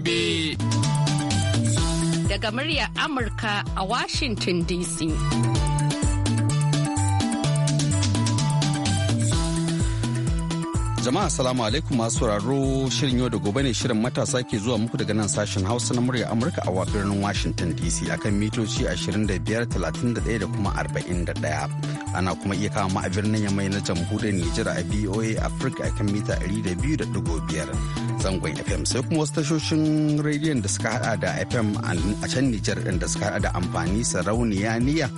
gobe. Daga muryar Amurka a Washington DC. Jama'a salamu alaikum masu sauraro shirin yau da gobe ne shirin matasa ke zuwa muku daga nan sashen Hausa na muryar Amurka a birnin Washington DC akan mitoci 25,31 da kuma 41. ana kuma iya kama a birnin yamai na jamhuriyar Nijar a BOA Africa akan mita 200.5 zangon fm sai kuma wasu tashoshin rediyon da suka hada da fm a can nijar da suka hada da amfani sarauniya niyya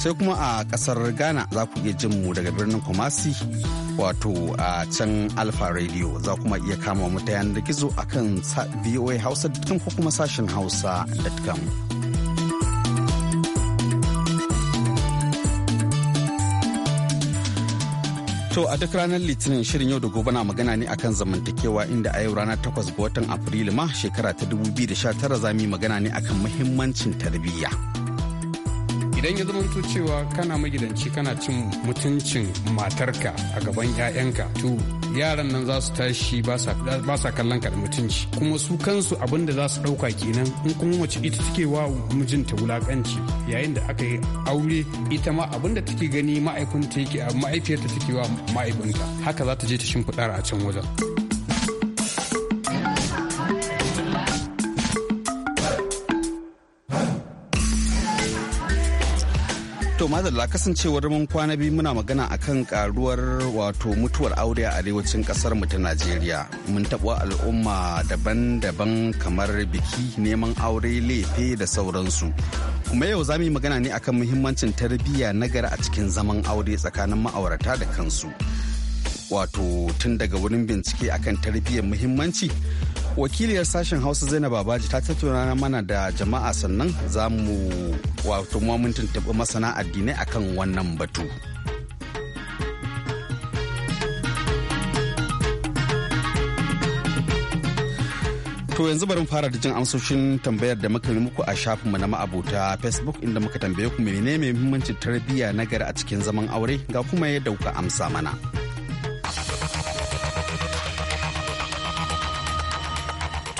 sai kuma a kasar ghana za ku iya jin mu daga birnin kumasi wato a can alpha radio za kuma iya kama mu ta yanar gizo akan voa hausa ko kuma sashin hausa.com To a duk ranar Litinin shirin yau da gobe na magana ne akan zamantakewa inda a yau rana takwas ga watan Afrilu ma shekara ta dubu 2019 za mu magana ne akan muhimmancin tarbiyya. Idan ya zamanto cewa kana magidanci kana cin mutuncin matarka a gaban 'ya'yanka to yaran nan za su tashi ba sa kallon ka mutunci kuma su kansu abin da za su ɗauka kenan in kuma mace ita take wa mijinta wulakanci yayin da aka yi aure ita ma abin da take gani ma'aikunta yake ma'aikiyarta take wa ma'aikunta haka za ta je ta shimfiɗa a can wajen. madalla kasancewar mun kwana biyu muna magana akan karuwar wato mutuwar aure a arewacin kasar mu ta Najeriya. Mun taɓa al'umma daban-daban kamar biki neman aure lefe da sauransu. Kuma yau za mu yi magana ne akan muhimmancin tarbiyya nagari a cikin zaman aure tsakanin ma'aurata da kansu. Wato tun daga wurin bincike akan tarbiyyar muhimmanci wakiliyar sashen hausa zainab babaji ta tattauna mana da jama'a sannan za mu wato mun masana addinai akan wannan batu To yanzu bari fara da jin amsoshin tambayar da muka yi muku a shafinmu na ma'abota Facebook inda muka tambaye ku menene muhimmancin tarbiyya na gari a cikin zaman aure ga kuma yadda kuka amsa mana.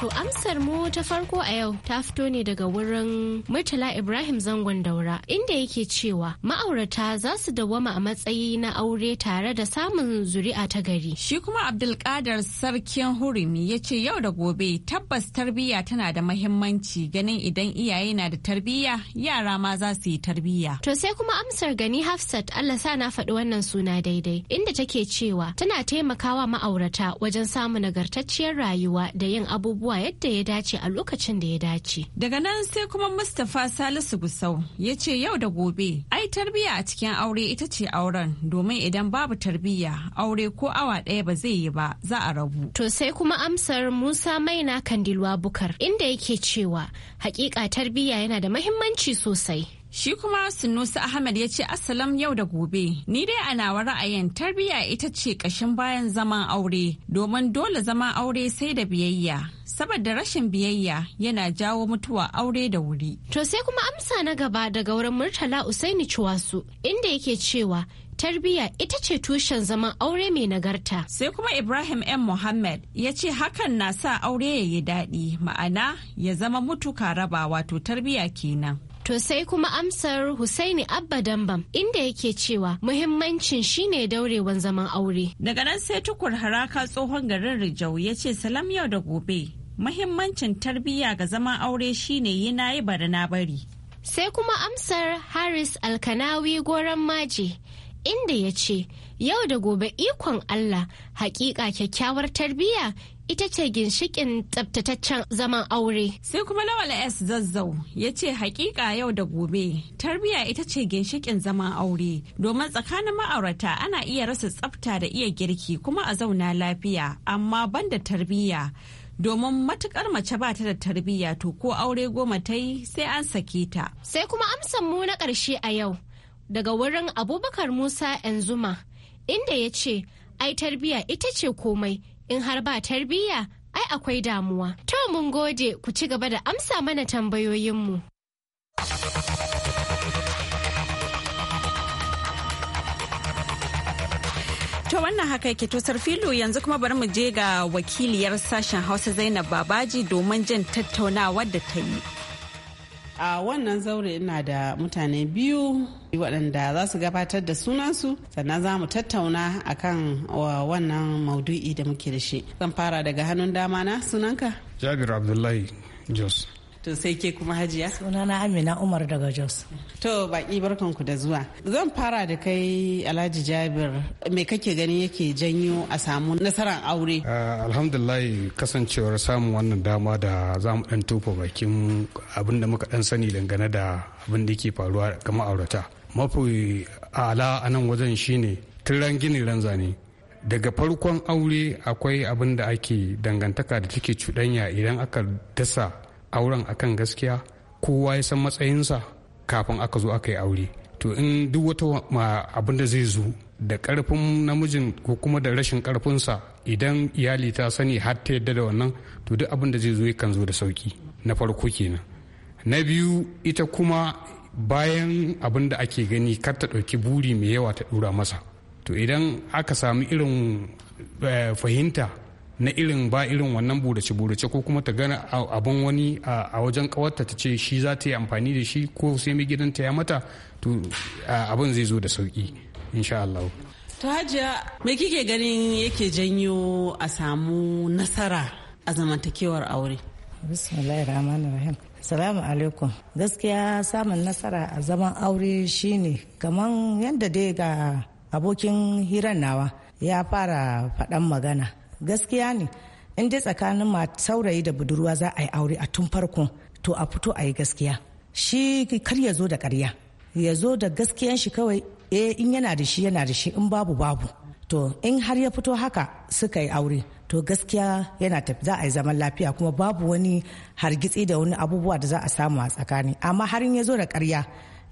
To amsar mu ta farko a yau ta fito ne daga wurin Murtala Ibrahim Zangon Daura inda yake cewa ma'aurata za su dawama a matsayi na aure tare da samun zuri'a ta gari. Shi kuma Abdulkadar Sarkin Hurumi ya ce yau da gobe tabbas tarbiyya tana da mahimmanci ganin idan iyaye na da tarbiyya yara ma za su yi tarbiyya. To sai kuma amsar gani Hafsat Allah sa na faɗi wannan suna daidai inda take cewa tana taimakawa ma'aurata wajen samun nagartacciyar rayuwa da yin abubuwa abubuwa yadda ya dace a lokacin da ya dace. Daga nan sai kuma Mustapha Salisu Gusau ya ce yau da gobe, ai tarbiyya a cikin aure ita ce auren domin idan babu tarbiyya aure ko awa ɗaya ba zai yi ba za a rabu. To sai kuma amsar Musa Maina Kandilwa Bukar inda yake cewa hakika tarbiyya yana da mahimmanci sosai. Shi kuma Sunusi Ahmad ya ce Asalam yau da gobe, ni dai a nawa ra'ayin tarbiyya ita ce ƙashin bayan zaman aure, domin dole zama aure sai da biyayya. Saboda rashin biyayya yana jawo mutuwa aure da wuri. To sai kuma amsa na gaba daga wurin Murtala Usaini Ciwasu, inda yake cewa tarbiyya ita ce tushen zaman aure mai nagarta. Sai kuma Ibrahim M. Muhammad ya ce hakan na sa aure ya yi daɗi ma'ana ya zama mutuka raba wato tarbiyya kenan. To sai kuma amsar Husaini Abba Dambam inda yake cewa muhimmancin shine daurewan zaman aure. Daga nan sai tukur haraka tsohon garin Rijau ya ce salam yau da gobe. Muhimmancin tarbiyya ga zaman aure shine yi na yi bari na bari. Sai kuma amsar Haris Alkanawi goran maji inda ya ce yau da gobe ikon Allah hakika kyakkyawar tarbiyya ita ce ginshikin tsabtataccen zaman aure. Sai kuma Lawal S Zazzau ya ce hakika yau da gobe tarbiyya ita ce ginshikin zaman aure domin tsakanin ma'aurata ana iya rasa tsabta da iya girki kuma a zauna lafiya amma banda tarbiyya domin matukar mace ba ta da tarbiyya to ko aure goma ta yi sai an sake ta. Sai kuma amsan mu na ƙarshe a yau daga wurin Abubakar Musa Enzuma inda ya ce ai tarbiyya ita ce komai in har ba tarbiyya ai akwai damuwa. To mun gode ku ci gaba da amsa mana tambayoyinmu. To wannan haka yake to filo yanzu kuma bari mu je ga wakiliyar sashen Hausa Zainab Babaji domin jin tattaunawa da ta yi. a wannan zaure ina da mutane biyu waɗanda za su gabatar da sunansu sannan za mu tattauna a kan wannan maudu'i da muke da shi zan fara daga hannun dama na sunanka jabir abdullahi jos To sai ke kuma hajiya? Sunana Amina Umar daga Jos. To baki barkanku da zuwa. Zan fara da kai Alhaji Jabir me kake gani yake janyo a samu nasarar aure? Ah, alhamdulillah kasancewar samun wannan dama da za mu dan tofa bakin abin da muka dan sani dangane da abin da ke faruwa ga ma'aurata. Mafi ala a nan wajen shine tun ran gini ran zane. daga farkon aure akwai abin da ake dangantaka da take cuɗanya idan aka dasa auren akan gaskiya kowa ya san matsayinsa kafin aka zo aka yi aure to in duk wata abin da zai zo da karfin namijin ko kuma da rashin karfinsa idan iyali ta sani har ta yadda da wannan to duk abin da zai zo kan zo da sauki na farko kenan na biyu ita kuma bayan abin da ake gani kar ta ɗauki buri mai yawa ta ɗura masa to idan aka sami irin eh, fahimta na irin ba irin wannan burace burace ko kuma ta gana abun wani a wajen kawarta ta ce shi za ta yi amfani da shi ko sai mai gidanta ya mata to abin zai zo da sauki insha Allah to hajiya me kike ganin yake janyo a samu nasara a zamantakewar aure bismillahir rahmanir rahim salamu alaikum gaskiya samun nasara a zaman aure shine kaman yadda dai ga abokin hiran nawa ya fara faɗan magana gaskiya ne in dai tsakanin ma saurayi da budurwa za a yi aure a tun farko to a fito a yi gaskiya shi kar ya zo da karya ya zo da gaskiyan shi kawai eh in yana da shi yana da shi in babu babu to in har ya fito haka suka yi aure to gaskiya yana tafi za a yi zaman lafiya kuma babu wani hargitsi da wani abubuwa da za a samu a tsakani amma har in ya zo da karya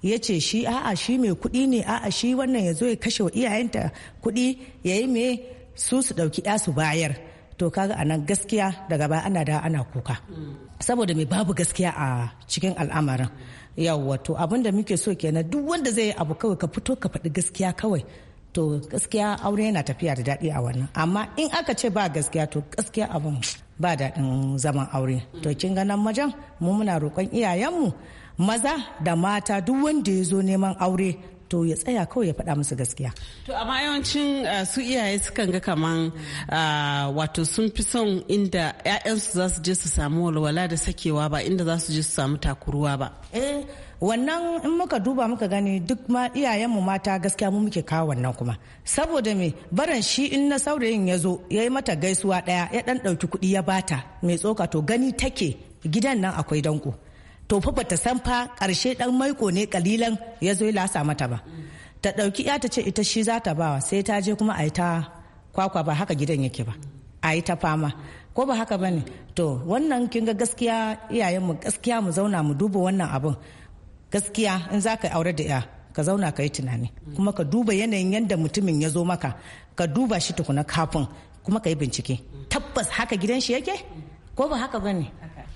ya ce shi a'a shi mai kuɗi ne a'a shi wannan ya zo ya kashe wa iyayenta kuɗi ya yi me su su ɗauki 'ya su bayar to kaga a nan gaskiya daga baya ana da ana kuka saboda mai babu gaskiya a cikin al'amarin yawwa to abinda muke so kenan duk wanda zai yi abu kawai ka fito ka faɗi gaskiya kawai to gaskiya aure yana tafiya da daɗi a wannan amma in aka ce ba gaskiya to gaskiya abin ba daɗin zaman aure to kin ga nan majan mu muna roƙon iyayenmu maza da mata duk wanda ya zo neman aure to ya tsaya kawai ya faɗa musu gaskiya to amma yawancin uh, su iyaye sukan ga kaman uh, wato sun fi son inda 'ya'yansu za su je su samu walwala da sakewa ba inda za su je su samu takuruwa ba eh wannan in muka duba muka gani duk ma iyayenmu mata gaskiya mu muke kawo wannan kuma saboda me barin shi in na saurayin ya zo ya yi mata gaisuwa daya ya dan dauki kuɗi ya bata mai tsoka to gani take gidan nan akwai danko to fa bata san fa karshe dan maiko ne kalilan ya zo ya mata ba ta dauki ya ta ce ita shi za ta bawa sai ta je kuma a yi ta kwakwa ba haka gidan yake ba a yi ta fama ko ba haka bane to wannan kin ga gaskiya iyayen mu gaskiya mu zauna mu duba wannan abun gaskiya in za ka aure da ya ka zauna ka yi tunani kuma ka duba yanayin yadda mutumin ya zo maka ka duba shi tukuna kafin kuma ka yi bincike tabbas haka gidan shi yake ko ba haka bane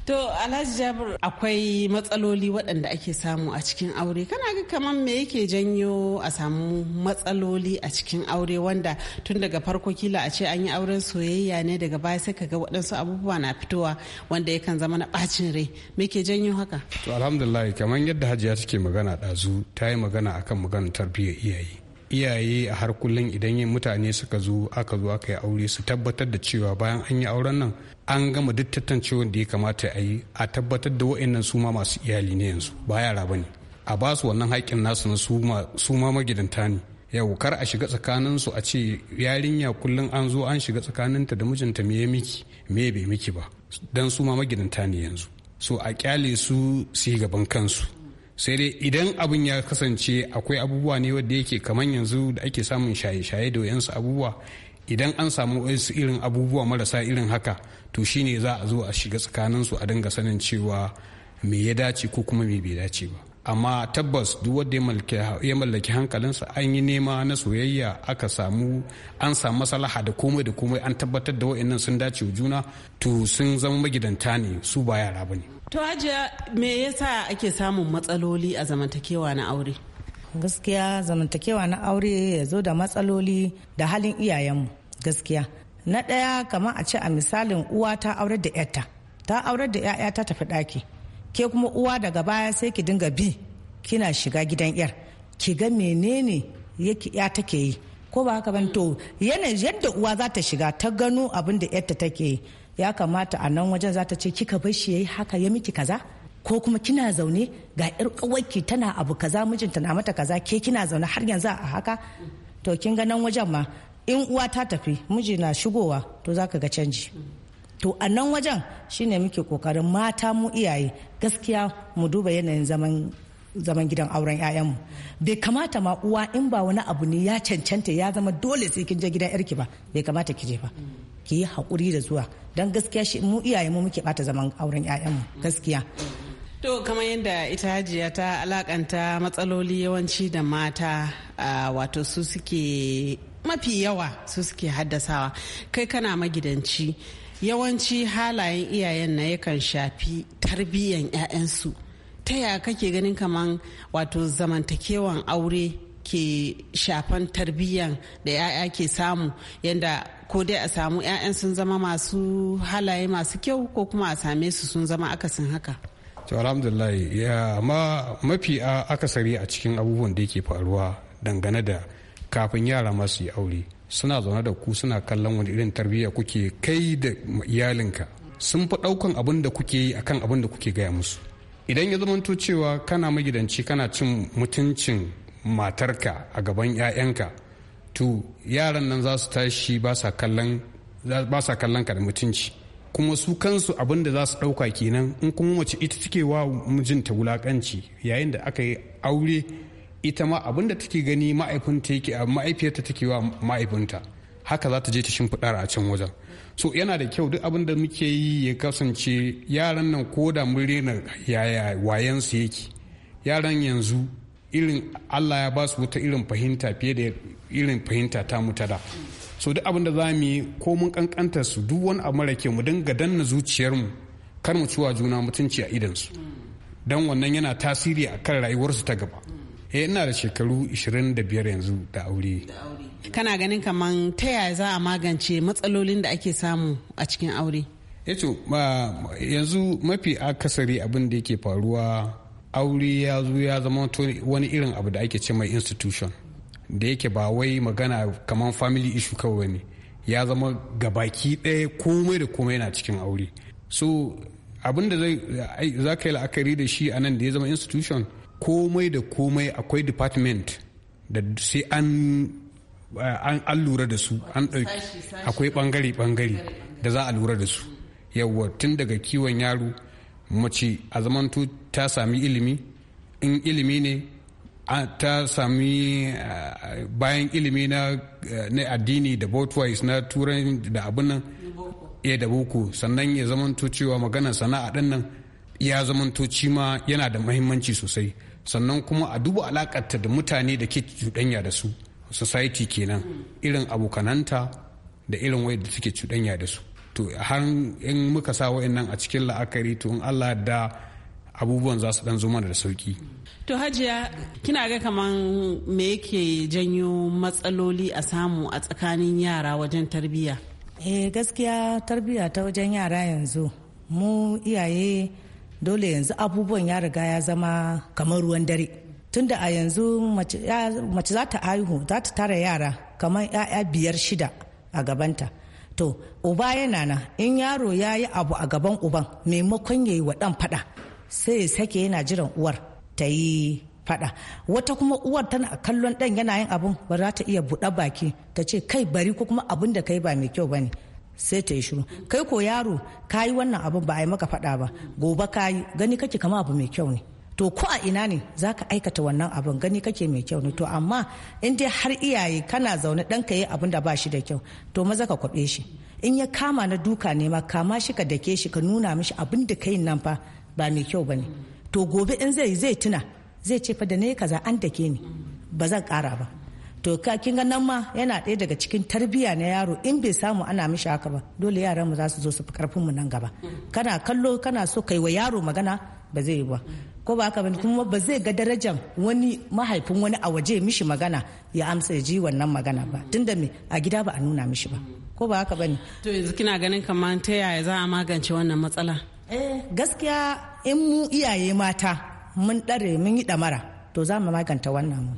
To Alhaji Jabir akwai matsaloli waɗanda ake samu a cikin aure. Kana ga kamar me yake janyo a samu matsaloli a cikin aure wanda tun daga farko kila a ce an yi auren soyayya ne daga baya sai ka ga waɗansu abubuwa na fitowa wanda yakan zama na ɓacin rai. Me ke janyo haka? To alhamdulillah kamar yadda Hajiya take magana ɗazu ta yi magana akan maganar tarbiyyar iyaye. iyaye a har kullum idan mutane suka zo aka zo aka yi aure su tabbatar da cewa bayan an yi auren nan an gama duk tantancewar da ya kamata a yi a tabbatar da wa'annan suma masu iyali ne yanzu ba yara ba ne a ba su wannan haƙƙin nasu na su ma magidanta ne yau kar a shiga tsakanin su a ce yarinya kullum an zo an shiga tsakaninta da mijinta me ya miki me bai miki ba dan suma ma magidanta ne yanzu so a kyale su su yi gaban kansu sai dai idan abin ya kasance akwai abubuwa ne wadda yake kamar yanzu da ake samun shaye-shaye da wayansu abubuwa idan an samu wasu irin abubuwa marasa irin haka to ne za a zo a shiga tsakaninsu a dinga sanin cewa me ya dace ko kuma me bai dace ba amma tabbas duk wanda ya mallaki hankalinsa an yi nema na soyayya aka samu an samu maslaha da komai da komai an tabbatar da wa'annan sun dace wa juna to sun zama magidanta ne su ba yara ba ne to ajiya me yasa ake samun matsaloli a zamantakewa na aure gaskiya zamantakewa na aure ya zo da matsaloli da halin iyayenmu gaskiya na ɗaya kamar a ce a misalin uwa ta aurar da yarta ta aurar da 'ya'ya ta tafi ɗaki ke kuma uwa daga baya sai ki dinga bi kina shiga gidan yar ki ga menene yake ya take yi ko ba haka ban to yanayin yadda uwa za ta shiga ta gano abin da yarta take yi ya kamata a nan wajen za ta ce kika bar shi yayi haka ya miki kaza ko kuma kina zaune ga yar kawai tana abu kaza mijinta na mata kaza ke kina zaune har yanzu a haka to kin ga nan wajen ma in uwa ta tafi miji na shigowa to za ka ga canji to a nan wajen shine muke kokarin mata mu iyaye gaskiya mu duba yanayin zaman gidan auren 'ya'yanmu bai kamata ma uwa in ba wani abu ne ya cancanta ya zama dole sai kin je gidan yarki ba bai kamata ki je ba ki yi haƙuri da zuwa don gaskiya shi mu iyaye mu muke bata zaman auren 'ya'yanmu gaskiya To kamar yadda ita hajiya ta alakanta matsaloli yawanci da mata wato su suke mafi yawa su suke haddasawa kai kana magidanci yawanci halayen iyayen na yakan shafi tarbiyyan 'ya'yansu ta yaya kake ganin kaman wato zamantakewan aure ke shafan tarbiyyan da 'ya'ya ke samu yadda ko dai a samu 'ya'yan sun zama masu halaye masu kyau ko kuma a same su sun zama akasin haka to alhamdulillah ya ma mafi akasari a cikin abubuwan da yake faruwa dangane da kafin yara masu yi aure suna zaune da ku suna kallon wani irin tarbiyya kuke kai da iyalinka sun fi ɗaukan abin da kuke yi akan abin da kuke gaya musu idan ya zamanto cewa kana magidanci kana cin mutuncin matarka a gaban 'ya'yanka to yaran nan za su tashi ba sa kallon ka da mutunci kuma su kansu abin da za su ɗauka kenan in kuma mace ita take wa mijinta wulakanci yayin da aka yi aure ita ma abin da take gani ma'aifinta yake ma'aifiyarta take wa ma'aifinta haka za ta je ta shimfiɗa a can wajen so yana da kyau duk abin da muke yi ya kasance yaran nan ko da mun rena yaya wayansu yake yaran yanzu irin allah ya ba su wata irin fahimta fiye da irin fahimta ta mutu da so duk abin da za mu yi ko mun kankanta su duk wani abu mara kyau mu dinga danna zuciyarmu kar mu ciwa juna mutunci a idansu don wannan yana tasiri a kan rayuwarsu ta gaba eh ina da shekaru 25 yanzu da aure kana ganin kaman ta yaya za a magance matsalolin da ake samu a cikin aure yato eh yanzu mafi akasari abin da yake faruwa aure ya zo ya zama wani irin abu da ake ce mai institution da yake ba wai magana kaman family issue kawai ne ya zama gabaki ɗaya komai da komai na cikin aure so abin da za ka yi la'akari da shi a nan da ya zama institution komai da komai akwai department da sai an eh, an lura da su an ɗauki akwai bangare ɓangare da za a lura da su yawwa tun daga kiwon yaro mace a zamanto ta sami ilimi in ilimi ne ta sami eh, bayan ilimi na eh, addini da botwise na turai da abin nan ya da boko sannan ya zamanto cewa magana sana'a ɗin nan ya zamanto cima yana da mahimmanci sosai sannan kuma a duba alakarta da mutane da ke cuɗanya da su society kenan irin abokananta da irin wai da suke cuɗanya da su to har in muka sa wa'annan a cikin la'akari to in allah da abubuwan za su dan zo mana da sauki to hajiya kina ga kaman me yake janyo matsaloli a samu a tsakanin yara wajen tarbiyya eh gaskiya tarbiyya ta wajen yara yanzu mu iyaye dole yanzu abubuwan ya riga ya zama kamar ruwan dare tunda a yanzu mace za ta haihu za ta tara yara kamar 'ya'ya biyar shida a gabanta to uba yana na in yaro ya yi abu a gaban uban maimakon ya yi wa ɗan faɗa sai ya sake yana jiran uwar ta yi faɗa wata kuma uwar tana kallon dan yana yin abun ba za ta iya buɗe baki ta ce kai bari ko kuma abun da kai ba mai kyau ba ne sai ta yi shiru kai ko yaro ka yi wannan abin ba a yi maka faɗa ba gobe ka yi gani kake kama abu mai kyau ne to ko a ina ne za ka aikata wannan abin gani kake mai kyau ne to amma in dai har iyaye kana zaune ɗan ka yi abin da ba shi da kyau to maza ka kwaɓe shi in ya kama na duka ne ma kama shi ka dake shi ka nuna mishi abin da kai nan fa ba mai kyau ba ne to gobe in zai zai tuna zai ce fa da ne kaza an dake ni ba zan kara ba to ka kin ga nan ma yana ɗaya daga cikin tarbiyya na yaro in bai samu ana mishi haka ba dole yaran mu za su zo su fi karfin mu nan gaba kana kallo kana so kai wa yaro magana ba zai yi ba ko ba haka bane kuma ba zai ga darajar wani mahaifin wani a waje mishi magana ya amsa ya ji wannan magana ba tunda me a gida ba a nuna mishi ba ko ba haka bane to yanzu kina ganin kamar ta yaya za a magance wannan matsala eh gaskiya in mu iyaye mata mun dare mun yi damara to za mu maganta wannan mu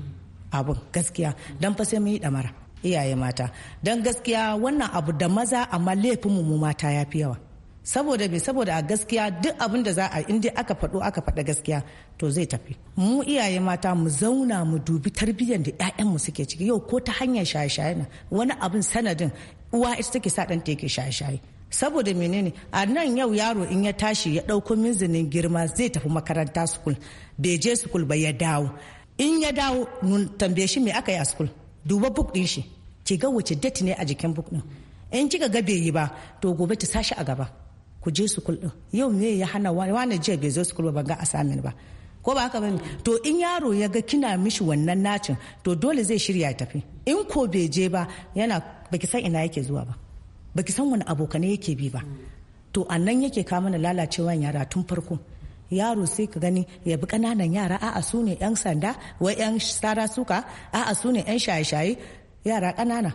abin gaskiya don fa sai mun yi damara iyaye mata don gaskiya wannan abu da maza amma laifin mu mata ya fi yawa saboda me saboda a gaskiya duk abin da za a inda aka faɗo aka faɗa gaskiya to zai tafi mu iyaye mata mu zauna mu dubi tarbiyyar da mu suke ciki yau ko ta hanyar shaye-shaye na wani abin sanadin uwa ita take sa ɗan yake shaye-shaye saboda menene a nan yau yaro in ya tashi ya ɗauko minzinin girma zai tafi makaranta sukul bai je sukul ba ya dawo in ya dawo mun tambaye shi me aka yi a school duba buk din shi ki ga wace date ne a jikin buk din in kika ga bai yi ba to gobe ta sashi a gaba ku je school din yau me ya hana wani jiya bai zo school ba ban ga assignment ba ko ba haka bane to in yaro ya ga kina mishi wannan nacin to dole zai shirya tafi in ko bai je ba yana baki san ina yake zuwa ba baki san wani abokane yake bi ba to annan yake kawo mana lalacewan yara tun farko yaro sai ka gani ya bi ƙananan yara a'a su ne 'yan sanda wai 'yan sara suka a'a su ne 'yan shaye-shaye yara ƙanana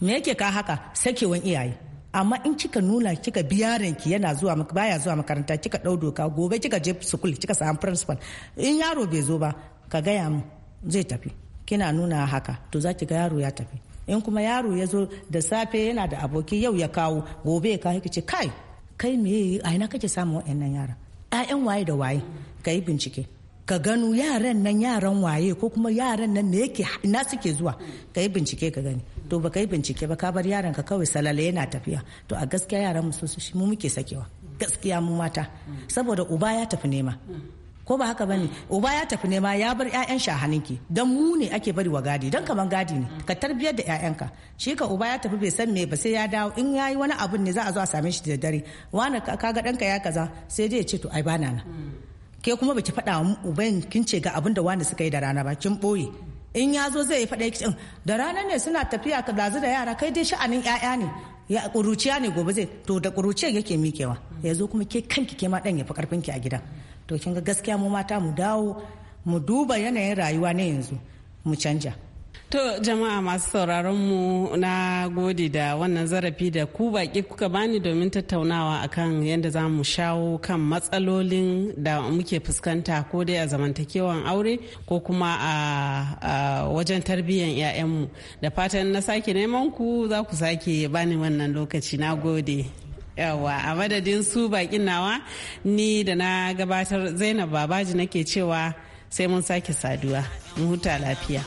me yake ka haka sakewan iyaye amma in kika nuna kika bi yaron ki yana zuwa baya zuwa makaranta kika dau doka gobe kika je school kika samu principal in yaro bai zo ba ka gaya mu zai tafi kina nuna haka to za ki ga yaro ya tafi in kuma yaro ya zo da safe yana da aboki yau ya kawo gobe ya kawo kai kai me a ina kake samun wa'annan yara 'ya'yan waye da waye ka yi bincike ka gano yaran nan yaran waye ko kuma yaran nan ne yake na suke zuwa ka yi bincike ka gani to ba yi bincike ba ka bar yaran ka kawai salala yana tafiya to a gaskiya yaran mu su mu muke sakewa gaskiya mu mata saboda uba ya tafi nema ko ba haka bane uba ya tafi nema ya bar ƴaƴan shi a hannunki dan mu ne ake bari wa gadi dan kamar gadi ne ka tarbiyar da ƴaƴanka shi ka uba ya tafi bai san me ba sai ya dawo in ya yi wani abun ne za a zo a same shi da dare wani kaga ɗanka ya kaza sai dai ya ce to ai bana na ke kuma baki faɗa wa uban kin ce ga abun da wani suka yi da rana ba kin ɓoye. in ya zo zai faɗa kicin da rana ne suna tafiya ka da yara kai dai sha'anin ƴaƴa ne ya ƙuruciya ne gobe zai to da ƙuruciya yake mikewa ya kuma ke kanki ke ma ɗan ya fi karfin a gidan to kin ga gaskiya mu mata mu dawo mu duba yanayin rayuwa na yanzu mu canja To jama'a masu sauraron mu na gode da wannan zarafi da ku baki kuka bani domin tattaunawa akan yadda za mu shawo kan matsalolin da muke fuskanta ko dai a zamantakewan aure ko kuma a, wajen tarbiyyar 'ya'yanmu da fatan na sake neman ku za ku sake bani wannan lokaci na gode. yawa a madadin su bakin nawa ni da na gabatar zainab babaji nake cewa sai mun sake saduwa mu huta lafiya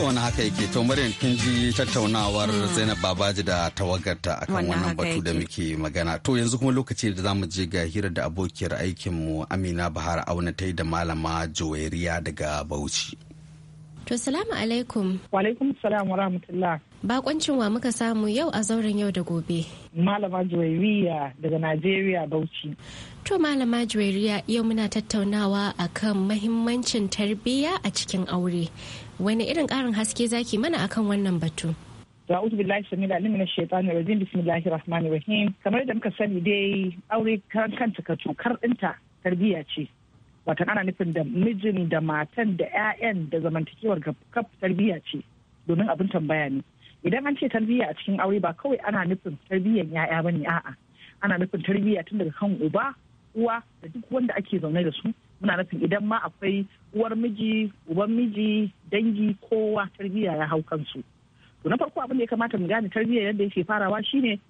to wani haka yake to maryam kin ji tattaunawar hmm. zainab babaji da tawagarta akan wannan batu da muke magana to yanzu kuma lokaci da zamu je ga hirar da abokiyar aikinmu amina bahar auna ta yi da malama joyariya daga bauchi to salamu alaikum wa alaikum salam wa rahmatullah bakoncin wa muka samu yau a zauren yau da gobe malama joyariya daga najeriya bauchi To Malama Juwairiya yau muna tattaunawa akan mahimmancin tarbiyya a cikin aure. wani irin karin haske zaki mana akan wannan batu Ra'udu billahi samila alim na shaitani rajim bismillahi rahmani rahim kamar da muka sani dai aure karan kanta ka cokar ɗinta tarbiyya ce wata ana nufin da mijin da matan da 'ya'yan da zamantakewar kaf tarbiyya ce domin abin tambaya ne idan an ce tarbiyya a cikin aure ba kawai ana nufin tarbiyyar 'ya'ya ba ne a'a ana nufin tarbiyya tun daga kan uba uwa da duk wanda ake zaune da su muna nufin idan ma akwai uwar miji uban miji dangi kowa tarbiyya ya hau kansu to na farko abin da ya kamata mu gane tarbiyya yadda yake farawa shine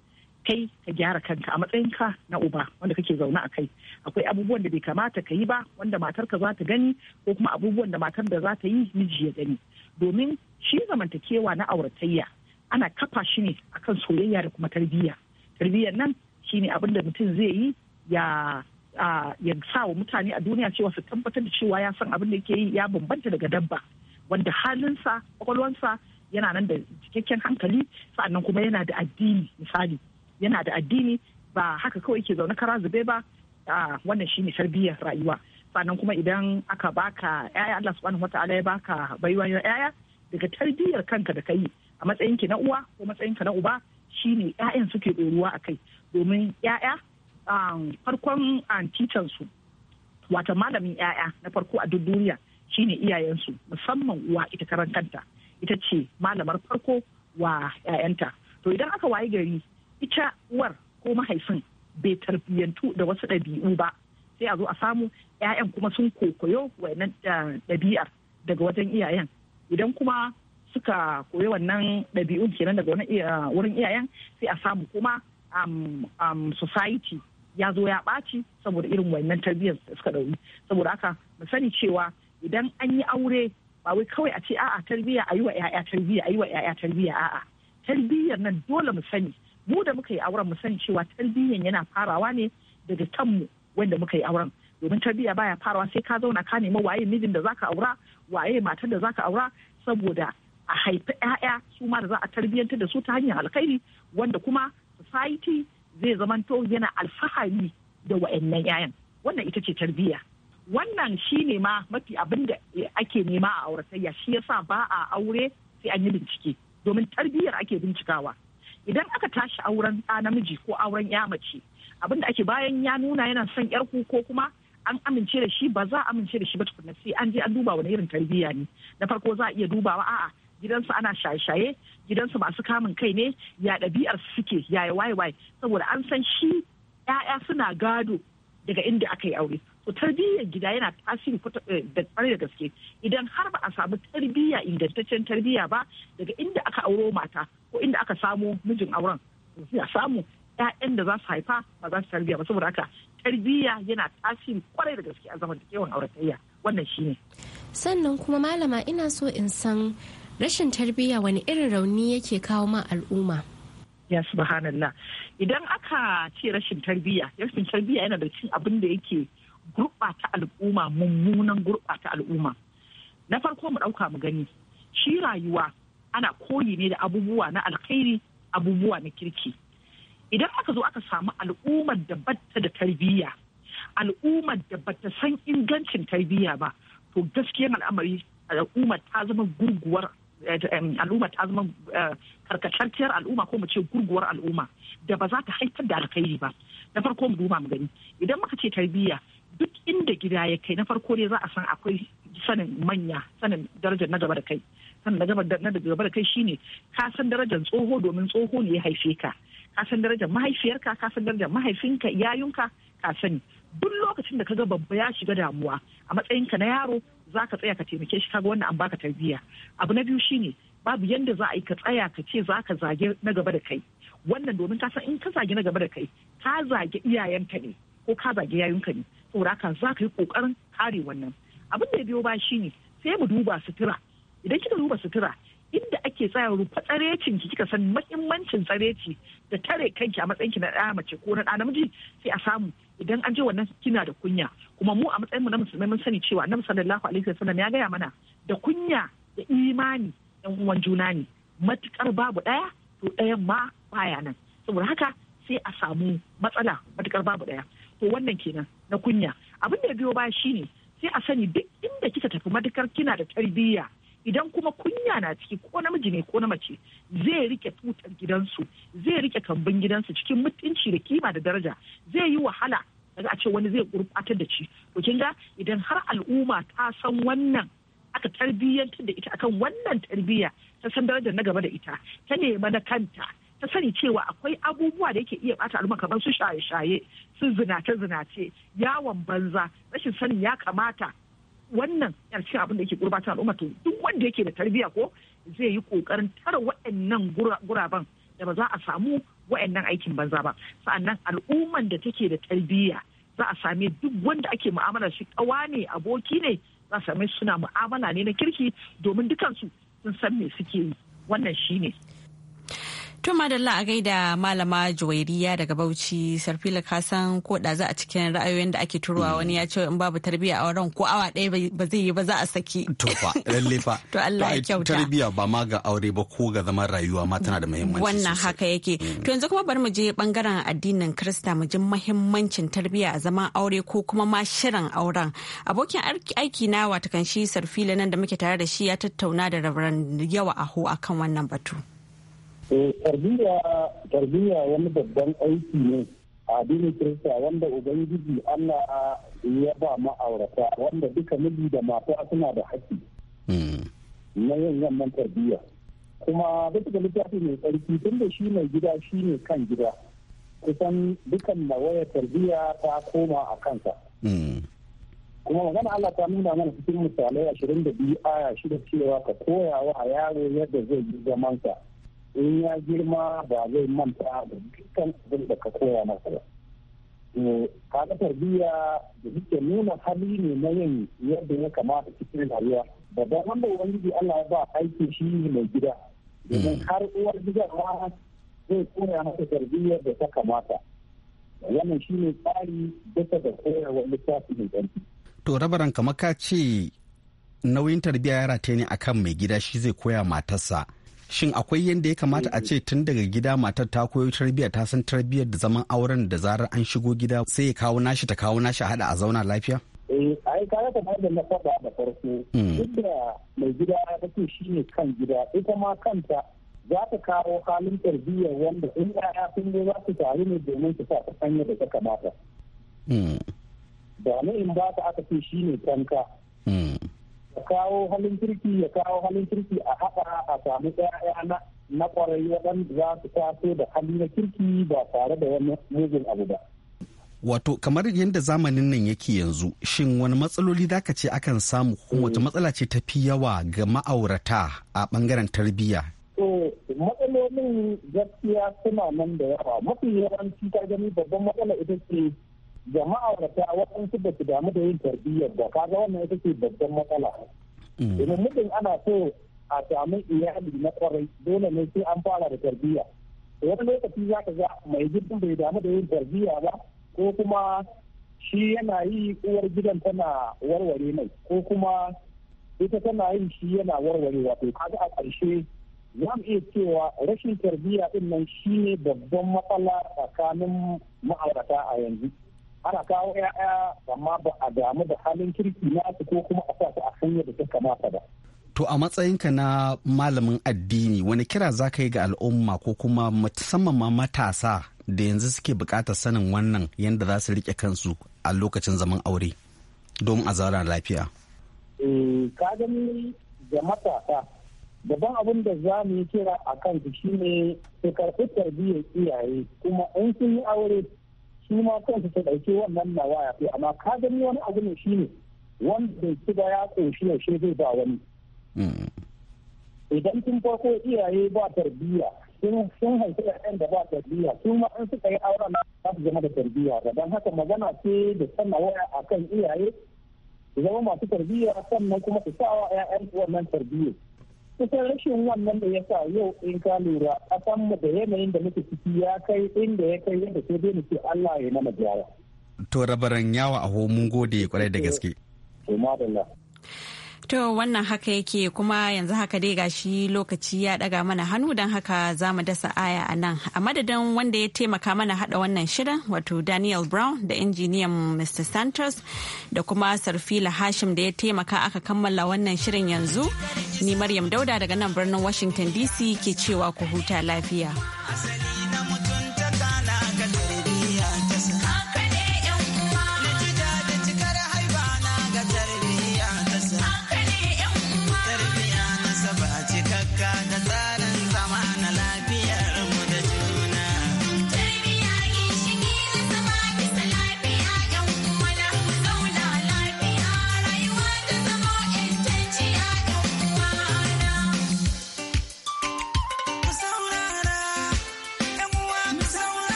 kai ka gyara kanka a matsayinka na uba wanda kake zaune a kai akwai abubuwan da bai kamata ka yi ba wanda matarka za ta gani ko kuma abubuwan da matar da za ta yi miji ya gani domin shi zamantakewa na auratayya ana kafa shi ne akan soyayya da kuma tarbiyya tarbiyyar nan shine abin da mutum zai yi ya ya sa wa mutane a duniya cewa su tabbatar da cewa ya san abin da yake yi ya bambanta daga dabba wanda halinsa kwakwalwansa yana nan da cikakken hankali sa'annan kuma yana da addini misali yana da addini ba haka kawai ke zaune kara zube ba wannan shi ne tarbiyyar rayuwa Sa'annan kuma idan aka baka yaya Allah subhanahu wataala ya baka baiwa yaya daga tarbiyyar kanka da kai a matsayinki na uwa ko matsayin ka na uba shine yayan suke doruwa a kai domin yaya Um, farkon um, titan su wata malamin 'ya'ya na farko a duk duniya shine iyayensu musamman uwa ita karan kanta ita ce malamar farko wa 'ya'yanta to idan aka wayi gari ita uwar ko mahaifin bai tarbiyyantu da wasu ɗabi'u ba sai a zo a samu 'ya'yan kuma sun kokoyo wannan um, ɗabi'ar daga wajen iyayen idan kuma suka koyi wannan ɗabi'un kenan daga wurin iyayen sai a samu kuma society ya zo ya ɓaci saboda irin wannan tarbiyyar da suka ɗauki saboda haka mu sani cewa idan an yi aure ba wai kawai a ce a'a tarbiyya a yi wa 'ya'ya tarbiyya a yi wa 'ya'ya tarbiyya a'a tarbiyyar nan dole mu sani mu da muka yi auren mu sani cewa tarbiyyar yana farawa ne daga kanmu wanda muka yi auren domin tarbiyya baya farawa sai ka zauna ka nemi waye mijin da zaka aura waye matar da za ka aura saboda a haifi 'ya'ya su ma da za a tarbiyyantar da su ta hanyar alkhairi wanda kuma society zai zamanto yana alfahari da wa'annan 'ya'yan wannan ita ce tarbiyya wannan shi ne ma mafi abin da ake nema a auratayya shi yasa ba a aure sai an yi bincike domin tarbiyyar ake bincikawa idan aka tashi auren ɗa namiji ko auren ya mace abin da ake bayan ya nuna yana son yarku ko kuma an amince da shi ba za a amince da shi ba tukunna sai an je an duba wani irin tarbiyya ne na farko za a iya dubawa a'a gidansu ana shaye-shaye gidansu masu kamun kai ne ya ɗabi'ar suke yaya yi saboda an san shi ya'ya suna gado daga inda aka yi aure to tarbiyyar gida yana tasiri eh, da ƙwarai da gaske idan har ba a samu tarbiyya ingantaccen tarbiyya ba daga inda aka auro mata ko inda aka samu mijin auren ya samu ya'yan da za su haifa ba za su tarbiyya ba saboda haka tarbiyya yana tasiri kwarai da gaske a zamantakewan auratayya wannan shine sannan kuma malama ina so in san rashin tarbiyya wani irin rauni yake kawo ma al'umma ya subhanallah idan aka ce rashin tarbiyya rashin tarbiyya yana da cin abin da yake gurɓata al'umma mummunan gurɓata al'umma na farko mu ɗauka mu gani shi rayuwa ana koyi ne da abubuwa na alkhairi abubuwa na kirki idan aka zo aka samu al'ummar da batta da tarbiyya al'ummar da bata san ingancin tarbiyya ba to gaskiyan al'amari al'ummar ta zama gurguwar Eh, eh, al'umma ta zama eh, karkatacciyar al'umma ko mu ce gurguwar al'umma da ba za ta haifar da alkhairi ba na farko mu duba mu gani idan muka ce tarbiyya duk inda gida ya kai na farko ne za a san akwai sanin manya sanin darajar na gaba da kai sanin na gaba da kai shine ka san darajar tsoho domin tsoho ne ya haife ka ka san darajar mahaifiyarka ka san darajar mahaifinka yayunka ka sani duk lokacin da ka ga babba ya shiga damuwa a matsayinka na yaro za ka tsaya ka taimake shi kaga wannan an baka tarbiyya abu na biyu shine babu yanda za a yi ka tsaya ka ce za ka zage na gaba da kai wannan domin ka san in ka zage na gaba da kai ka zage iyayenka ne ko ka zage yayunka ne saboda haka za ka yi kokarin kare wannan abin da ya biyo ba shine sai mu duba sutura idan kika duba sutura inda ake tsaya rufa tsarecin ki kika san mahimmancin tsareci da tare kanki a matsayin ki na ɗaya mace ko na ɗa namiji sai a samu idan an je wannan kina da kunya kuma mu a matsayin mu na musulmai mun sani cewa annabi sallallahu alaihi wasallam ya gaya mana da kunya da imani yan uwan juna ne matukar babu ɗaya to ɗayan ma baya nan saboda haka sai a samu matsala matukar babu ɗaya to wannan kenan na kunya abin da ya biyo baya shine sai a sani duk inda kika tafi matukar kina da tarbiyya idan kuma kunya na ciki ko namiji ne ko na mace zai rike tutar gidansu zai rike kambin gidansu cikin mutunci da kima da daraja zai yi wahala daga a ce wani zai gurbatar da shi to kin ga idan har al'umma ta san wannan aka tarbiyyantar da ita akan wannan tarbiyya ta san darajar na gaba da ita ta nema na kanta ta sani cewa akwai abubuwa da yake iya bata al'umma kamar su shaye-shaye su zinace-zinace yawon banza rashin sanin ya kamata wannan yarshe abin da yake gurbata al'umma to duk wanda yake da tarbiyya ko zai yi kokarin tara waɗannan guraben da ba za a samu waɗannan aikin banza ba sa'annan al'umman da take da tarbiyya za a same duk wanda ake mu'amala shi ƙawa ne aboki ne za a same suna mu'amala ne na kirki domin dukansu sun san me suke yi wannan shine To madalla a gaida malama juwairiya daga Bauchi sarfila ka san ko da za a cikin ra'ayoyin da ake turuwa mm. wani ya ce in babu tarbiyya a wurin ko awa ɗaya ba zai yi ba za a saki. To fa lalle fa. To Allah ya kyauta. Tarbiyya ba ma ga aure ba ko ga zaman rayuwa ma tana da muhimmanci. Wannan haka yake. Mm. To yanzu kuma bari mu je bangaren addinin Kirista mu ji muhimmancin tarbiyya a zaman aure ko kuma ma shirin auren. Abokin aiki na watakan shi sarfila nan da muke tare da shi ya tattauna da Reverend Yawa Aho akan wannan batu. Eh, tarbiyya wani babban aiki ne a addinin kirista wanda ubangiji allah ya ba ma'aurata wanda duka miji da mata suna da haƙƙi hmm. na yin wannan tarbiyya kuma bisa ga littafi mai tsarki tun da shi mai gida shi ne kan gida kusan dukan mawayar tarbiyya ta koma a kansa hmm. kuma magana Allah ta nuna mana cikin misalai ashirin da biyu aya shida cewa ka koya wa yaro yadda zai yi zamansa in ya girma ba zai manta da dukkan abin da ka koya masa ba kaga tarbiyya da duke nuna hali ne na yin yadda ya kamata cikin rayuwa babban wanda bi Allah ya ba aiki shi mai gida domin hmm. har uwar gidan ma zai koya masa tarbiyya da ta kamata wannan shi ne tsari bisa da wa littafi mai ƙarfi. to rabaran kamar ka ce nauyin tarbiyya ya rataye ne akan mai gida shi zai koya matarsa shin akwai yadda ya kamata a ce tun daga gida matar ta koyo tarbiyya ta san tarbiyyar da zaman auren da zarar an shigo gida sai ya kawo nashi ta kawo nashi hada a zauna lafiya eh ai ka ta da na faɗa da farko hmm. duk mai gida ya ta shi ne kan gida ita ma kanta za ta kawo halin tarbiyyar wanda in ya sun ne za su taru ne domin su sa ta sanya da ta kamata hmm. da in ba ta aka ce ne kanka hmm. ya kawo halin kirki ya kawo halin kirki a haɗa a samu ɗaya na na kwarai waɗanda za su taso da hali na kirki ba tare da wani mugun abu ba. Wato kamar yadda zamanin nan yake yanzu shin wani matsaloli ka ce akan samu ko wata eh. matsala ce ta fi yawa ga ma'aurata a bangaren tarbiyya? To matsalolin gaskiya suna nan da yawa mafi yawanci ta gani babban matsala ita ce ga ma'aurata waɗansu da su damu da yin tarbiyyar da kaga wannan ita ce babban matsala mm. domin mutum ana so a samu iyali na kwarai dole ne sai an fara da tarbiyya wani lokaci za ka ga mai gidan bai damu da yin tarbiyya ba ko kuma shi yana yi uwar gidan tana warware mai ko kuma ita tana yin shi yana warware wato kaga a ƙarshe yam iya cewa rashin tarbiyya din nan shi ne babban matsala tsakanin ma'aurata a yanzu ana kawo ya'ya amma ba a damu da halin kirki na su ko kuma a sa su a hanyar da ta kamata ba To a matsayinka na malamin addini wani kira za ka yi ga al'umma ko kuma musamman ma matasa da yanzu suke bukatar sanin wannan yadda za su rike kansu a lokacin zaman aure domin a zauna lafiya. Eh, ka gani da matasa daban abin da za mu yi kira a kan su shine su karɓi tarbiyyar iyaye kuma in sun yi aure shi ma kansu ta ɗauki wannan na waya to amma ka gani wani abu ne shine wanda bai ci ba ya ya shi zai ba wani idan tun farko iyaye ba tarbiyya sun sun haifi ƴaƴan da ba tarbiyya su ma an suka yi auren za su zama da tarbiyya ba don haka magana ce da sanna waya akan iyaye su zama masu tarbiyya sannan kuma su sawa ƴaƴan wannan tarbiyya. kusan rashin wannan da ya sa yau in ka lura mu da yanayin da muke ciki ya kai inda ya kai yadda sai dai muke Allah ya mana jawa To rabaran yawa a mun gode kwarai da gaske. To wannan haka yake kuma yanzu haka dai gashi lokaci ya daga mana hannu don haka za mu dasa aya a nan. A madadin wanda ya taimaka mana hada wannan shirin wato Daniel Brown da injiniyan Mr. Santos da kuma Sarfila Hashim da ya taimaka aka kammala wannan shirin yanzu. Ni Maryam Dauda daga nan birnin Washington DC ke cewa ku huta lafiya.